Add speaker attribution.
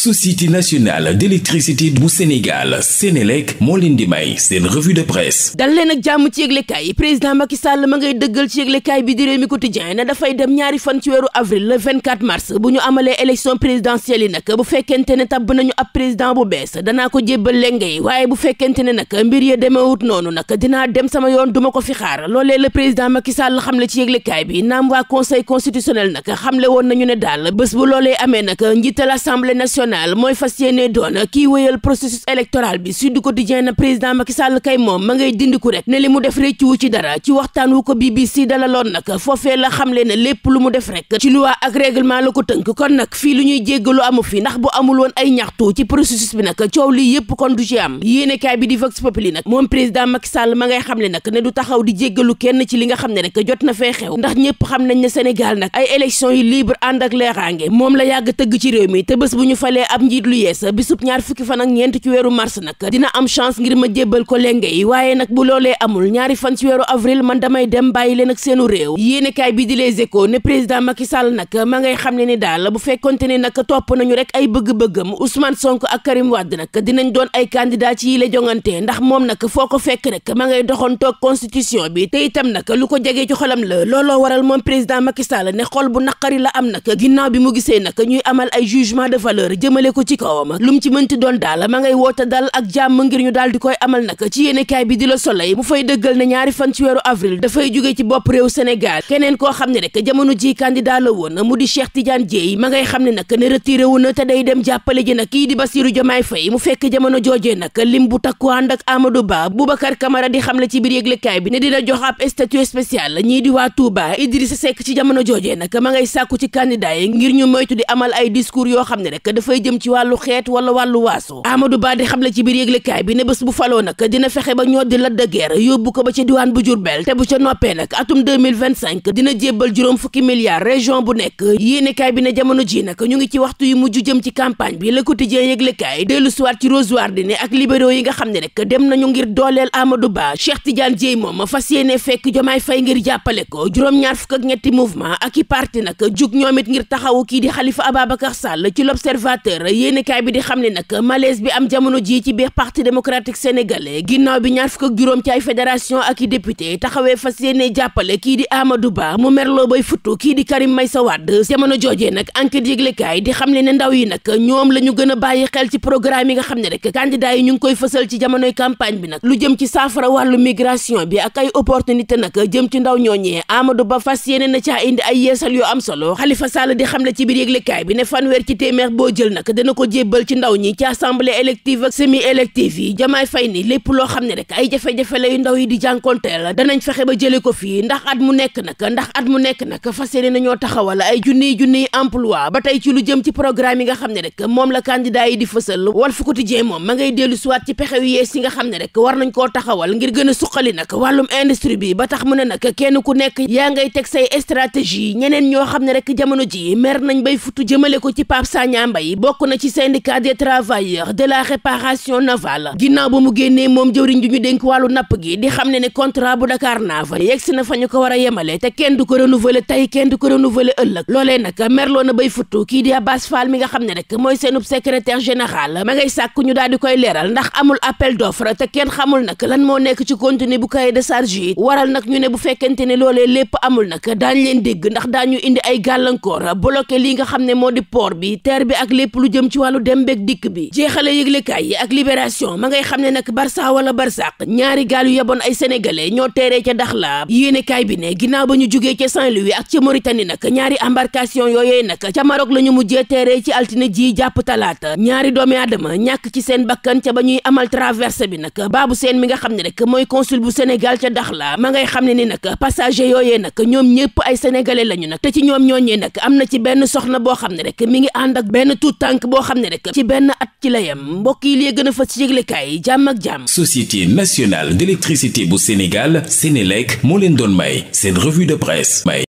Speaker 1: société nationale d'électricité bu Sénégal Sénélec moo leen di may seen revue de presse dal leen ak jàmm ci yëglekaay yi président Macky Sall ma ngay dafay dem ñaari fan ci weeru avril le mars bu ñu amalee élection présidentielle yi bu fekkente ne tabb nañu ab président bu bees danaa ko jébbal lenge yi waaye bu fekkente ne mbir ya demewut noonu nag dinaa dem sama yoon duma ko fi xaar loolee le président Macky xamle ci yëglekaay bi naam waa nationale mooy fas yéene doon bi Sud Quotidien na président Macky Sall kay moom ma ngay dindiku rek ne li mu def réccu wu ci dara ci waxtaan wu ko BBC dalaloon nag ne lépp lu mu def rek ci loi ak règlement la ko tënk kon nag fii lu ñuy jéggalu amu fi ndax bu amul woon ay ñaxtu ci processus bi nag coow lii yëpp kon du ci am yéenekaay bi di Vox Populi nag moom président Macky Sall ma ngay xamle nag ne du taxaw di jéggalu kenn ci li nga xam ne rek jot na fee xew ndax ñëpp xam nañ ne Sénégal nag ay élections yu libre ànd ak leeraange moom la yàgg tëgg ci réew mi te bés bu ñu falee tànnalee ab njiit lu yees bisub ñaar fukki fan ak ci weeru mars nag dina am chance ngir ma jébbal ko lenge waaye nag bu loolee amul ñaari fan ci weeru avril man damay dem bàyyi leen ak seenu réew yéenekaay bi di Les Échos ne président Macky Sall nag ma ngay xam ne ni daal bu fekkonte ne nag topp nañu rek ay bëgg-bëggam Ousmane Sonko ak Karim Wade nag dinañ doon ay candidat ci yi jongante ndax moom nag foo ko fekk rek ma ngay doxoon jëmale ko ci kawam lu mu ci mënti doon daal ma ngay woote dal ak jàmm ngir ñu daal di koy amal nag ci yéenekaay bi di la Soleil mu fay dëggal ne fan ci weeru avril dafay jóge bopp réew Sénégal keneen koo xam ne rek jamono ji candidat la woon mu di Cheikh Tidiane Dièye ma xam ne nag ne retiré wu na te day dem jàppale ji nag kii di Bassirou Diomaye Faye mu fekk jamono joojee nag lim bu takku ànd ak Amadou Ba Boubacar Camara di xamle ci biir yëglekaay bi ne dina jox ab statut spécial ñii di waa Touba Idrissa Seck ci jamono joojee nag ma ngay sàkku ci candidat yi ngir ñu moytu di amal ay discours yoo xam ne rek dafay lay jëm ci wàllu xeet wala waaso Amadou di xam ci biir yëglekaay bi ne bés bu faloo nag dina fexe ba ñoo di la de guerre yóbbu ko ba ca diwaan bu Jurbel te bu ca noppee nag atum 2025 dina jébbal juróom fukki milliards région bu nekk yéenekaay bi ne jamono ji nag ñu ngi ci waxtu yu mujj jëm ci campagne bi Le Quotidien yëglekaay dellu siwaat ci Rose Wardini ak libéraux yi nga xam ne rek dem nañu ngir dooleel Amadou Ba Cheikh Tidiane Dièye moom fas yéene fekk Jomaay Fay ngir jàppale ko juróom-ñaar fukk ak ñetti i parti nag jug ñoom it ngir taxawu kii l'observateur yéenekaay bi di xam ne nag malaise bi am jamono ji ci biir parti démocratique sénégalais ginnaaw bi ñaar fukk ak juróom ci ay fédération ak i député taxawee fas yéene jàppale kii di Amadou Ba mu merloo ne ndaw yi nag ñoom la gën a bàyyi xel ci programme yi nga xam ne rek candidat yi ñu ngi koy fësal ci jamonoy campagne bi nag lu jëm ci saafara wàllu migration bi ak ay opportunité nag jëm ci ndaw ñooñee Amadou Ba fas yéene na caa indi ay yeesal yu am solo Khalifa Sall di xam nag dana ko jébbal ci ndaw ñi ci assemblée élective ak semi élective yi jamaay fay ni lépp loo xam ne rek ay jafe-jafe lay ndaw yi di jànkonteel danañ fexe ba jële ko fii ndax at mu nekk nag ndax at mu nekk nag fas yéene nañoo taxawal ay junniy junniy emploi ba tey ci lu jëm ci programme yi nga xam ne rek moom la candidat yi di fësal Walf Quotidien moom ma ngay dellu siwaat ci pexe yu yees yi nga xam ne rek war nañ koo taxawal ngir gën a suqali nag wàllum industrie bi ba tax mu ne nag kenn ku nekk yaa ngay teg say stratégie ñeneen ñoo xam ne rek jamono ji mer nañ bay futu ko ci Pape bokk na ci syndicat des travailleurs de la réparation navale ginnaaw ba mu génnee moom jëwriñ ju ñu dénk wàllu napp gi di xam ne ne contrat bu Dakar Nav yegsi na fa ñu ko war a yemale te kenn du ko renouveler tey kenn du ko renouveler ëllëg na bay futtu kii di Abass Fall mi nga xam ne rek mooy seenub secrétaire général ma ngay sàkk ñu daal di koy leeral ndax amul appel d'offre te kenn xamul nag lan moo nekk ci contenu bu cahier de charge waral nag ñu ne bu fekkente li nga xam ne lépp lu jëm ci wàllu dem beeg dikk bi jeexale yëglekaay yi ak libération ma ngay xam ne nag barça wala barsaq ñaari gaal yu yeboon ay sénégalais ñoo teeree ca Dakhla yéenekaay bi ne ginnaaw ba ñu jugee ca Saint-Louis ak ca Mauritanie nag ñaari embarcation yooyee nag ca Maroc la ñu mujjee teeree ci altine ji jàpp talaata ñaari doomi aadama ñàkk ci seen bakkan ba ñuy amal traversée bi nag baabu seen mi nga xam ne rek mooy consul bu Sénégal ca Dakhla ma ngay xam ne ni nag passager yooyee nag ñoom ñëpp ay sénégalais lañu nag te ci ñoom ñooñee nag am na ci benn soxna boo xam ne rek mi ngi ànd ak benn tuut tànk boo xam ne rek ci benn at ci la mbokk yi lee gën a fa ci yëglekaay jàmm ak jàmm société nationale d'électricité bu Sénégal Sénélec moo leen doon may seen revue de presse may